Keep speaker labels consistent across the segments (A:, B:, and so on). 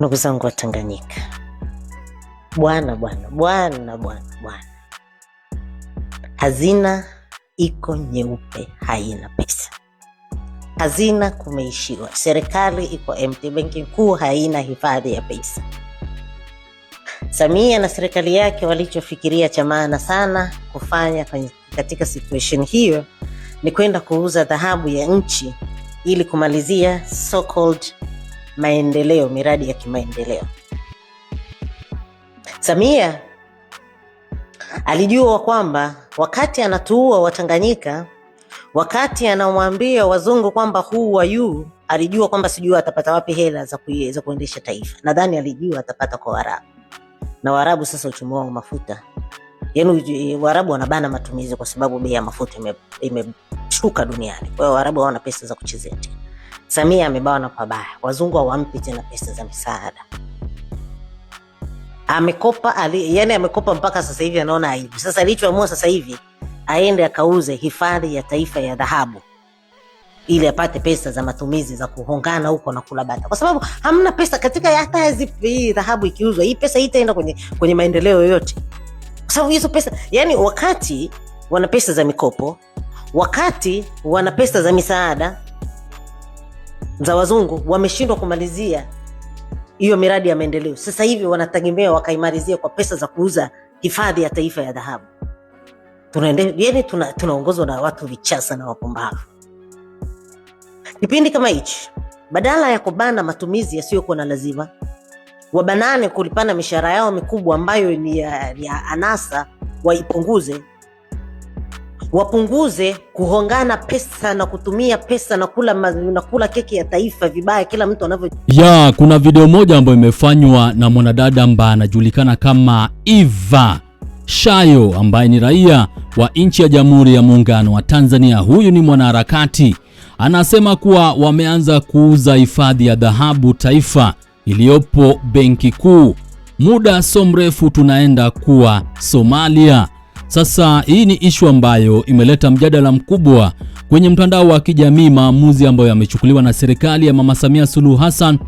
A: Ndugu zangu wa Tanganyika, bwana bwana bwana bwana bwana, hazina iko nyeupe, haina pesa. Hazina kumeishiwa, serikali iko empty, benki kuu haina hifadhi ya pesa. Samia na serikali yake walichofikiria cha maana sana kufanya katika situation hiyo ni kwenda kuuza dhahabu ya nchi ili kumalizia so called maendeleo, miradi ya kimaendeleo. Samia alijua kwamba wakati anatuua Watanganyika, wakati anamwambia wazungu kwamba huu wa you, alijua kwamba sijui atapata wapi hela za, kuendesha taifa. Nadhani alijua atapata kwa Waarabu na Waarabu sasa uchumi wao mafuta, yaani Waarabu wanabana matumizi kwa sababu bei ya mafuta imeshuka ime duniani. Kwa hiyo Waarabu hawana pesa za kuchezea tena. Samia amebawa pabaya, wazungu hawampi tena pesa za misaada. Amekopa ali, yani amekopa mpaka sasa hivi anaona aibu. Sasa alichoamua sasa hivi aende akauze hifadhi ya taifa ya dhahabu ili apate pesa za matumizi za kuhongana huko na kula bata, kwa sababu hamna pesa katika hata hii dhahabu ikiuzwa, hii pesa hii itaenda kwenye, kwenye maendeleo yoyote, kwa sababu hizo pesa yani, wakati wana pesa za mikopo, wakati wana pesa za misaada za wazungu wameshindwa kumalizia hiyo miradi ya maendeleo. Sasa hivi wanategemea wakaimalizia kwa pesa za kuuza hifadhi ya taifa ya dhahabu. Yani tunaongozwa tuna na watu vichasa na wapumbavu. Kipindi kama hichi, badala ya kubana matumizi yasiyokuwa na lazima, wabanane kulipana mishahara yao mikubwa ambayo ni ya, ni ya anasa, waipunguze wapunguze kuhongana pesa na kutumia pesa na kula, na kula keki ya taifa vibaya kila mtu anavyo.
B: Ya, kuna video moja ambayo imefanywa na mwanadada ambaye anajulikana kama Eva Shayo ambaye ni raia wa nchi ya Jamhuri ya Muungano wa Tanzania. Huyu ni mwanaharakati, anasema kuwa wameanza kuuza hifadhi ya dhahabu taifa iliyopo Benki Kuu. Muda so mrefu tunaenda kuwa Somalia. Sasa hii ni ishu ambayo imeleta mjadala mkubwa kwenye mtandao wa kijamii, maamuzi ambayo yamechukuliwa na serikali ya Mama Samia Suluhu Hassan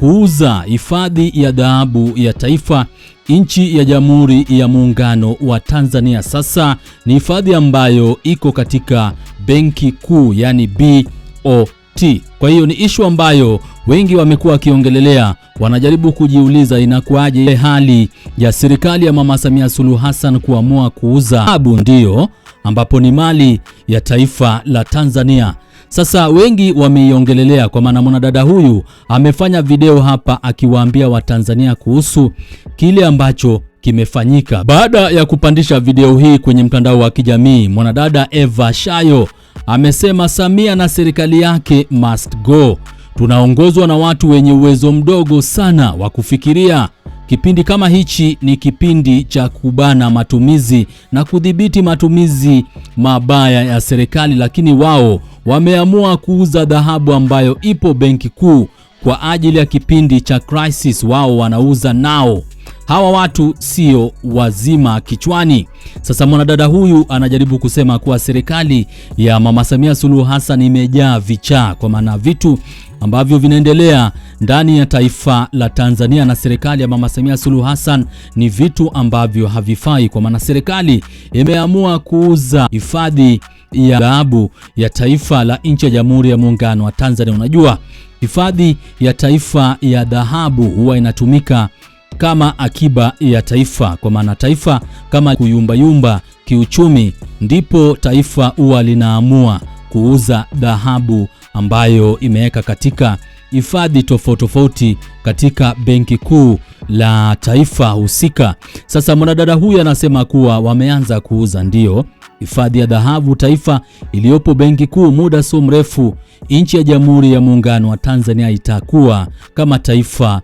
B: kuuza hifadhi ya dhahabu ya taifa nchi ya Jamhuri ya Muungano wa Tanzania. Sasa ni hifadhi ambayo iko katika Benki Kuu, yani BOT miti. Kwa hiyo ni ishu ambayo wengi wamekuwa wakiongelelea, wanajaribu kujiuliza inakuwaje ile hali ya serikali ya Mama Samia Suluhu Hassan kuamua kuuza dhahabu, ndiyo ambapo ni mali ya taifa la Tanzania. Sasa wengi wameiongelelea kwa maana mwanadada huyu amefanya video hapa akiwaambia Watanzania kuhusu kile ambacho kimefanyika. Baada ya kupandisha video hii kwenye mtandao wa kijamii, mwanadada Eva Shayo amesema Samia na serikali yake must go. Tunaongozwa na watu wenye uwezo mdogo sana wa kufikiria. Kipindi kama hichi ni kipindi cha kubana matumizi na kudhibiti matumizi mabaya ya serikali, lakini wao wameamua kuuza dhahabu ambayo ipo Benki Kuu kwa ajili ya kipindi cha crisis. Wao wanauza nao hawa watu sio wazima kichwani. Sasa mwanadada huyu anajaribu kusema kuwa serikali ya Mama Samia Suluhu Hassan imejaa vichaa, kwa maana vitu ambavyo vinaendelea ndani ya taifa la Tanzania na serikali ya Mama Samia Suluhu Hassan ni vitu ambavyo havifai, kwa maana serikali imeamua kuuza hifadhi ya dhahabu ya taifa la nchi ya Jamhuri ya Muungano wa Tanzania. Unajua hifadhi ya taifa ya dhahabu huwa inatumika kama akiba ya taifa, kwa maana taifa kama kuyumbayumba kiuchumi, ndipo taifa huwa linaamua kuuza dhahabu ambayo imeweka katika hifadhi tofauti tofauti katika benki kuu la taifa husika. Sasa mwanadada huyu anasema kuwa wameanza kuuza ndio hifadhi ya dhahabu taifa iliyopo benki kuu. Muda sio mrefu nchi ya Jamhuri ya Muungano wa Tanzania itakuwa kama taifa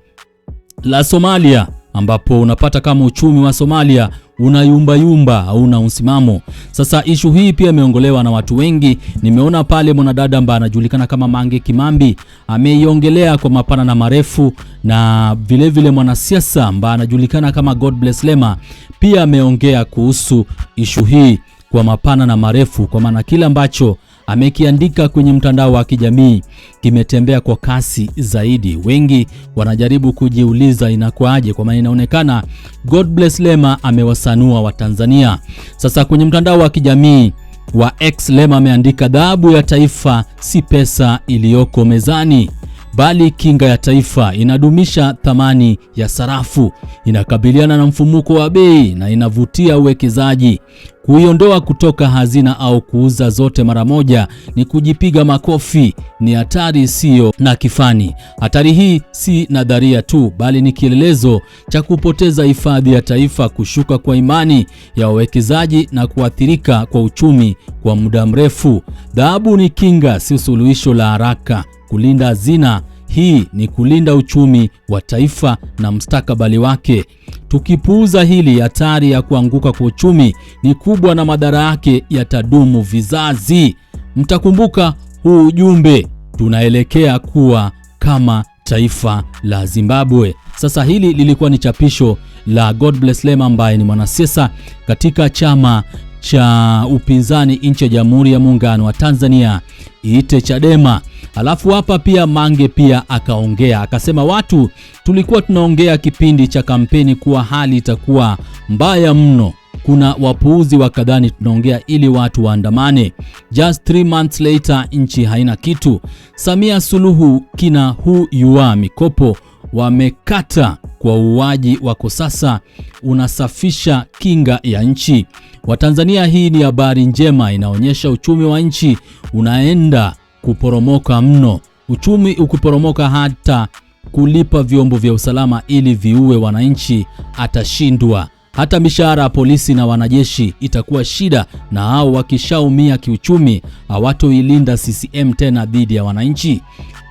B: la Somalia ambapo unapata kama uchumi wa Somalia unayumbayumba hauna msimamo. Sasa ishu hii pia imeongolewa na watu wengi. Nimeona pale mwanadada ambaye anajulikana kama Mange Kimambi ameiongelea kwa mapana na marefu, na vilevile mwanasiasa ambaye anajulikana kama God Bless Lema pia ameongea kuhusu ishu hii kwa mapana na marefu, kwa maana kile ambacho amekiandika kwenye mtandao wa kijamii kimetembea kwa kasi zaidi. Wengi wanajaribu kujiuliza inakuaje, kwa maana inaonekana God bless Lema amewasanua Watanzania. Sasa kwenye mtandao wa kijamii wa X Lema ameandika, dhahabu ya taifa si pesa iliyoko mezani bali kinga ya taifa inadumisha thamani ya sarafu, inakabiliana na mfumuko wa bei na inavutia uwekezaji. Kuiondoa kutoka hazina au kuuza zote mara moja ni kujipiga makofi, ni hatari isiyo na kifani. Hatari hii si nadharia tu, bali ni kielelezo cha kupoteza hifadhi ya taifa, kushuka kwa imani ya wawekezaji na kuathirika kwa uchumi kwa muda mrefu. Dhahabu ni kinga, si suluhisho la haraka. Kulinda hazina hii ni kulinda uchumi wa taifa na mstakabali wake. Tukipuuza hili, hatari ya kuanguka kwa uchumi ni kubwa na madhara yake yatadumu vizazi. Mtakumbuka huu ujumbe, tunaelekea kuwa kama taifa la Zimbabwe. Sasa hili lilikuwa ni chapisho la God Bless Lema ambaye ni mwanasiasa katika chama cha upinzani nchi ya Jamhuri ya Muungano wa Tanzania iite Chadema. Alafu hapa pia Mange pia akaongea akasema, watu tulikuwa tunaongea kipindi cha kampeni kuwa hali itakuwa mbaya mno, kuna wapuuzi wa kadhani tunaongea ili watu waandamane. Just three months later nchi haina kitu. Samia Suluhu kina yua mikopo wamekata kwa uwaji wako sasa unasafisha kinga ya nchi. Watanzania, hii ni habari njema, inaonyesha uchumi wa nchi unaenda kuporomoka mno. Uchumi ukiporomoka hata kulipa vyombo vya usalama ili viue wananchi atashindwa. Hata mishahara ya polisi na wanajeshi itakuwa shida, na hao wakishaumia kiuchumi hawatoilinda CCM tena dhidi ya wananchi.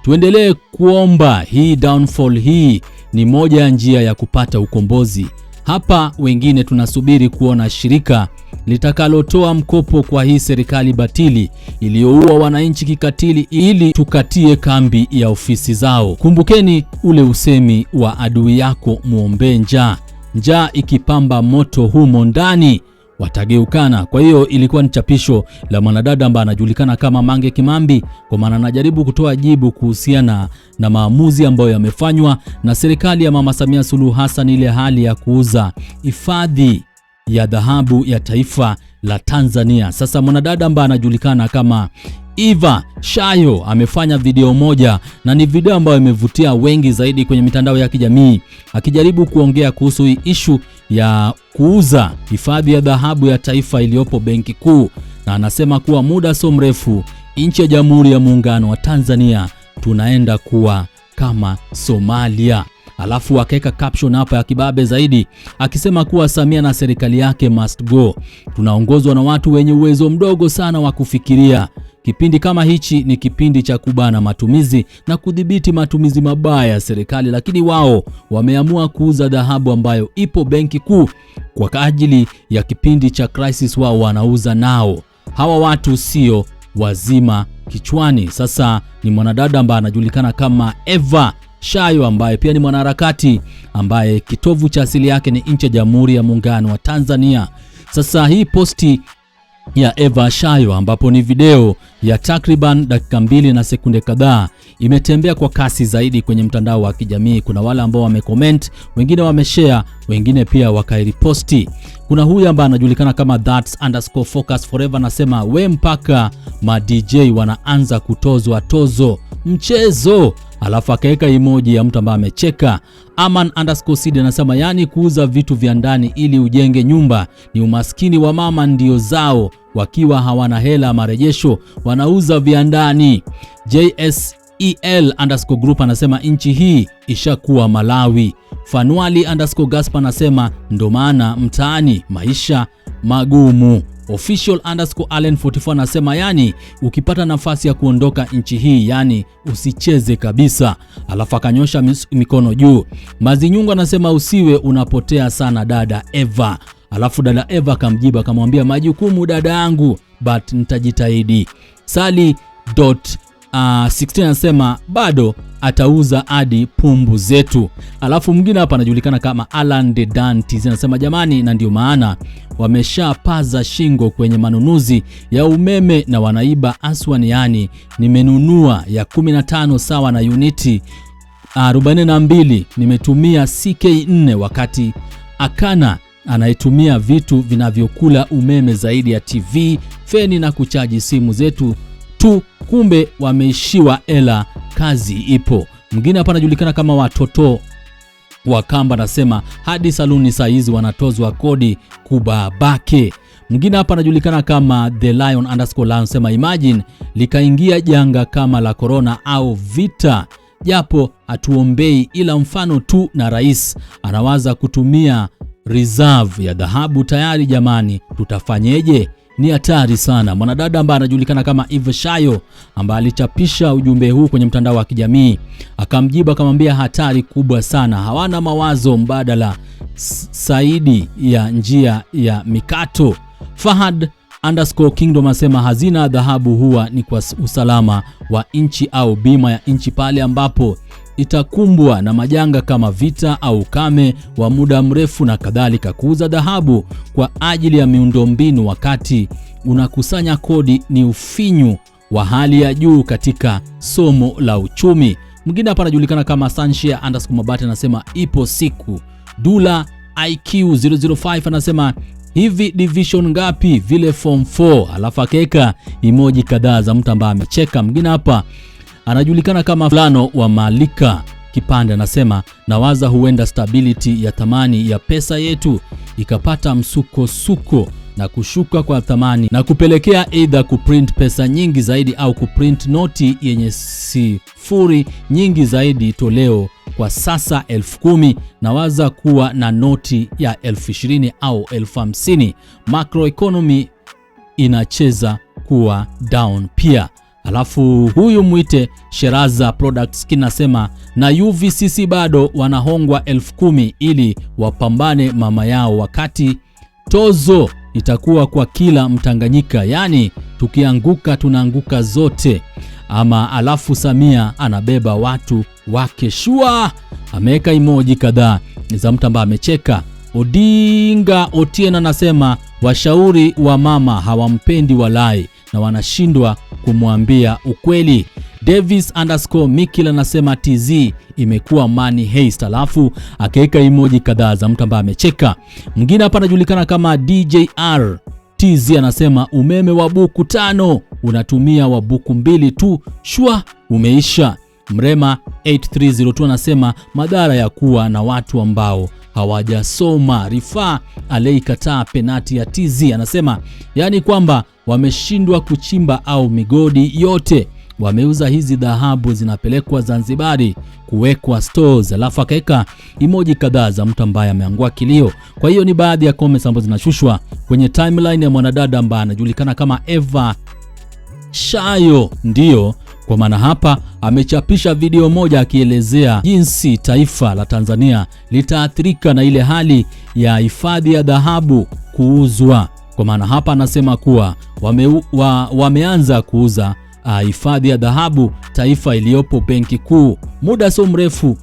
B: Tuendelee kuomba hii downfall, hii ni moja ya njia ya kupata ukombozi. Hapa wengine tunasubiri kuona shirika litakalotoa mkopo kwa hii serikali batili iliyoua wananchi kikatili ili tukatie kambi ya ofisi zao. Kumbukeni ule usemi wa adui yako muombe njaa, njaa ikipamba moto humo ndani watageukana. Kwa hiyo ilikuwa ni chapisho la mwanadada ambaye anajulikana kama Mange Kimambi, kwa maana anajaribu kutoa jibu kuhusiana na maamuzi ambayo yamefanywa na serikali ya Mama Samia Suluhu Hassan, ile hali ya kuuza hifadhi ya dhahabu ya taifa la Tanzania. Sasa mwanadada ambaye anajulikana kama Eva Shayo amefanya video moja na ni video ambayo imevutia wengi zaidi kwenye mitandao ya kijamii akijaribu kuongea kuhusu hii ishu ya kuuza hifadhi ya dhahabu ya taifa iliyopo Benki Kuu, na anasema kuwa muda sio mrefu nchi ya Jamhuri ya Muungano wa Tanzania tunaenda kuwa kama Somalia alafu akaweka caption hapa ya kibabe zaidi akisema kuwa Samia na serikali yake must go, tunaongozwa na watu wenye uwezo mdogo sana wa kufikiria. Kipindi kama hichi ni kipindi cha kubana matumizi na kudhibiti matumizi mabaya ya serikali, lakini wao wameamua kuuza dhahabu ambayo ipo benki kuu kwa ajili ya kipindi cha crisis. Wao wanauza nao, hawa watu sio wazima kichwani. Sasa ni mwanadada ambaye anajulikana kama Eva Shayo ambaye pia ni mwanaharakati ambaye kitovu cha asili yake ni nchi ya Jamhuri ya Muungano wa Tanzania. Sasa hii posti ya Eva Shayo ambapo ni video ya takriban dakika mbili na sekunde kadhaa imetembea kwa kasi zaidi kwenye mtandao wa kijamii. Kuna wale ambao wamecomment, wengine wameshare, wengine pia wakairiposti. Kuna huyu ambaye anajulikana kama that's underscore focus forever, anasema we mpaka ma DJ wanaanza kutozwa tozo mchezo alafu akaweka emoji ya mtu ambaye amecheka. Aman underscore seed anasema yani, kuuza vitu vya ndani ili ujenge nyumba ni umaskini wa mama ndio zao, wakiwa hawana hela marejesho wanauza vya ndani. JSEL underscore group anasema nchi hii ishakuwa Malawi. Fanuali underscore Gaspa anasema ndo maana mtaani maisha magumu. Official underscore Allen 44 anasema yani, ukipata nafasi ya kuondoka nchi hii yani usicheze kabisa, alafu akanyosha mikono juu. Mazinyungu anasema usiwe unapotea sana dada Eva. Alafu dada Eva akamjiba akamwambia, majukumu dada yangu, but nitajitahidi. Sali dot uh, 16 anasema bado atauza hadi pumbu zetu. Alafu mwingine hapa anajulikana kama Alan de Dantes anasema jamani, na ndio maana wameshapaza shingo kwenye manunuzi ya umeme na wanaiba aswani, yani nimenunua ya 15 sawa na uniti 42 nimetumia CK 4 wakati akana anaitumia vitu vinavyokula umeme zaidi ya TV, feni na kuchaji simu zetu tu, kumbe wameishiwa ela, kazi ipo. Mwingine hapa anajulikana kama watoto wa kamba, anasema hadi saluni saa hizi wanatozwa kodi kubabake. Mwingine hapa anajulikana kama the lion underscore lion, sema imagine likaingia janga kama la corona au vita japo hatuombei ila mfano tu, na rais anawaza kutumia reserve ya dhahabu tayari. Jamani, tutafanyeje? ni hatari sana. Mwanadada ambaye anajulikana kama Eve Shayo ambaye alichapisha ujumbe huu kwenye mtandao wa kijamii akamjibu akamwambia, hatari kubwa sana, hawana mawazo mbadala saidi ya njia ya mikato. Fahad underscore kingdom asema hazina dhahabu huwa ni kwa usalama wa nchi au bima ya nchi pale ambapo itakumbwa na majanga kama vita au ukame wa muda mrefu na kadhalika. Kuuza dhahabu kwa ajili ya miundombinu wakati unakusanya kodi ni ufinyu wa hali ya juu katika somo la uchumi. Mwingine hapa anajulikana kama Sanshia underscore Mabati anasema ipo siku. Dula IQ 005 anasema hivi division ngapi vile form 4, alafu akaweka emoji kadhaa za mtu ambaye amecheka. Mwingine hapa anajulikana kama flano wa Malika Kipande anasema nawaza huenda stability ya thamani ya pesa yetu ikapata msukosuko na kushuka kwa thamani na kupelekea aidha kuprint pesa nyingi zaidi au kuprint noti yenye sifuri nyingi zaidi. Toleo kwa sasa elfu kumi nawaza kuwa na noti ya elfu ishirini au elfu hamsini. Macroeconomy inacheza kuwa down pia. Alafu huyu mwite Sheraza Products kinasema na UVCC bado wanahongwa elfu kumi ili wapambane mama yao, wakati tozo itakuwa kwa kila Mtanganyika, yaani tukianguka tunaanguka zote ama. Alafu Samia anabeba watu wake shua, ameweka emoji kadhaa za mtu ambaye amecheka. Odinga Otiena anasema washauri wa mama hawampendi walai na wanashindwa kumwambia ukweli. Davis underscore Mikil anasema TZ imekuwa money heist, alafu akaweka emoji kadhaa za mtu ambaye amecheka. Mwingine hapa anajulikana kama DJR TZ anasema umeme wa buku tano unatumia wa buku mbili tu, shwa umeisha. Mrema 8302 anasema madhara ya kuwa na watu ambao hawajasoma. Rifaa aliyeikataa penati ya TZ, anasema yaani kwamba wameshindwa kuchimba au migodi yote wameuza hizi dhahabu zinapelekwa Zanzibari kuwekwa stores, alafu akaweka emoji kadhaa za mtu ambaye ameangua kilio. Kwa hiyo ni baadhi ya comments ambazo zinashushwa kwenye timeline ya mwanadada ambaye anajulikana kama Eva Shayo, ndiyo kwa maana hapa amechapisha video moja akielezea jinsi taifa la Tanzania litaathirika na ile hali ya hifadhi ya dhahabu kuuzwa. Kwa maana hapa anasema kuwa wame, wa, wameanza kuuza ah, hifadhi ya dhahabu taifa iliyopo benki kuu. Muda sio mrefu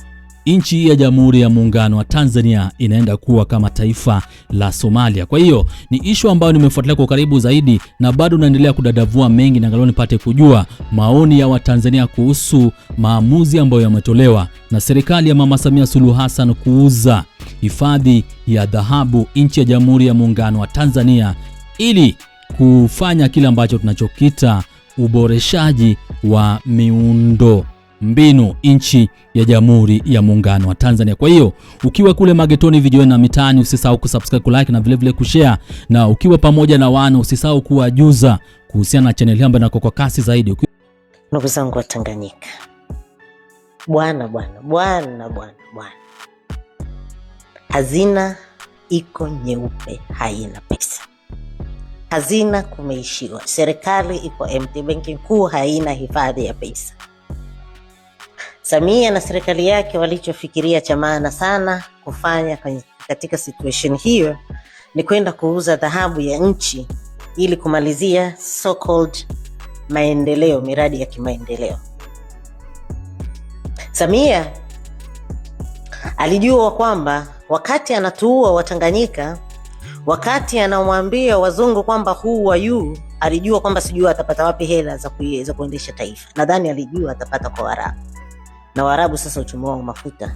B: nchi ya Jamhuri ya Muungano wa Tanzania inaenda kuwa kama taifa la Somalia. Kwa hiyo ni ishu ambayo nimefuatilia kwa karibu zaidi na bado naendelea kudadavua mengi na angalau nipate kujua maoni ya Watanzania kuhusu maamuzi ambayo yametolewa na serikali ya Mama Samia Suluhu Hassan kuuza hifadhi ya dhahabu nchi ya Jamhuri ya Muungano wa Tanzania ili kufanya kile ambacho tunachokita uboreshaji wa miundo mbinu nchi ya Jamhuri ya Muungano wa Tanzania. Kwa hiyo ukiwa kule magetoni, video na mitaani, usisahau kusubscribe, kulike na vilevile kushare, na ukiwa pamoja na wana usisahau kuwajuza kuhusiana na chaneli ambayo inako kwa kasi zaidi.
A: Ndugu zangu wa Tanganyika, bwana bwana bwana bwana bwana, hazina iko nyeupe, haina pesa hazina kumeishiwa, serikali iko empty, benki kuu haina hifadhi ya pesa. Samia na serikali yake walichofikiria cha maana sana kufanya katika situation hiyo ni kwenda kuuza dhahabu ya nchi ili kumalizia so called maendeleo, miradi ya kimaendeleo. Samia alijua kwamba wakati anatuua Watanganyika, wakati anamwambia wazungu kwamba huu wa yuu alijua kwamba sijui atapata wapi hela za kuendesha taifa. Nadhani alijua atapata kwa Waarabu na Waarabu sasa uchumi wao mafuta,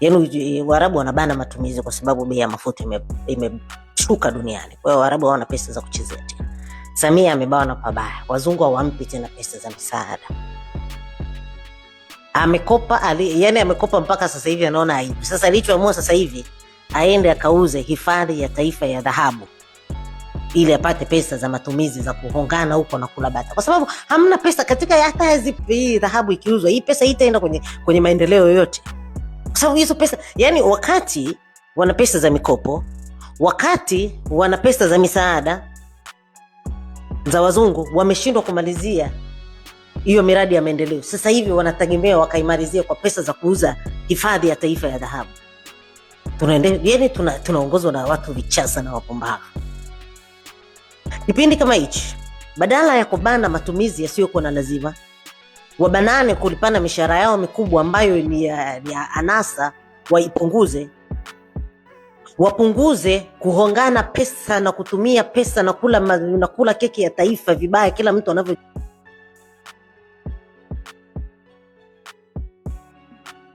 A: yaani Waarabu wanabana matumizi kwa sababu bei ya mafuta imeshuka ime duniani. Kwa hiyo Waarabu hawana pesa za kuchezea tena. Samia na pabaya, wazungu hawampi tena pesa za misaada. Amekopa ali, yani amekopa mpaka sasa hivi anaona aibu. Sasa alichoamua sasa hivi aende akauze hifadhi ya taifa ya dhahabu ili apate pesa za matumizi za kuhongana huko na kula bata, kwa sababu hamna pesa katika hata hii dhahabu ikiuzwa, hii pesa hii itaenda kwenye, kwenye maendeleo yoyote, kwa sababu hizo pesa yani, wakati wana pesa za mikopo, wakati wana pesa za misaada za wazungu, wameshindwa kumalizia hiyo miradi ya maendeleo. Sasa hivi wanategemea wakaimalizia kwa pesa za kuuza hifadhi ya taifa ya dhahabu. Yaani tunaongozwa tuna na watu vichasa na wapumbavu. Kipindi kama hichi, badala ya kubana matumizi yasiyokuwa na lazima, wabanane kulipana mishahara yao mikubwa ambayo ni ya, ni ya anasa, waipunguze wapunguze kuhongana pesa na kutumia pesa na kula, na kula keki ya taifa vibaya, kila mtu anavyo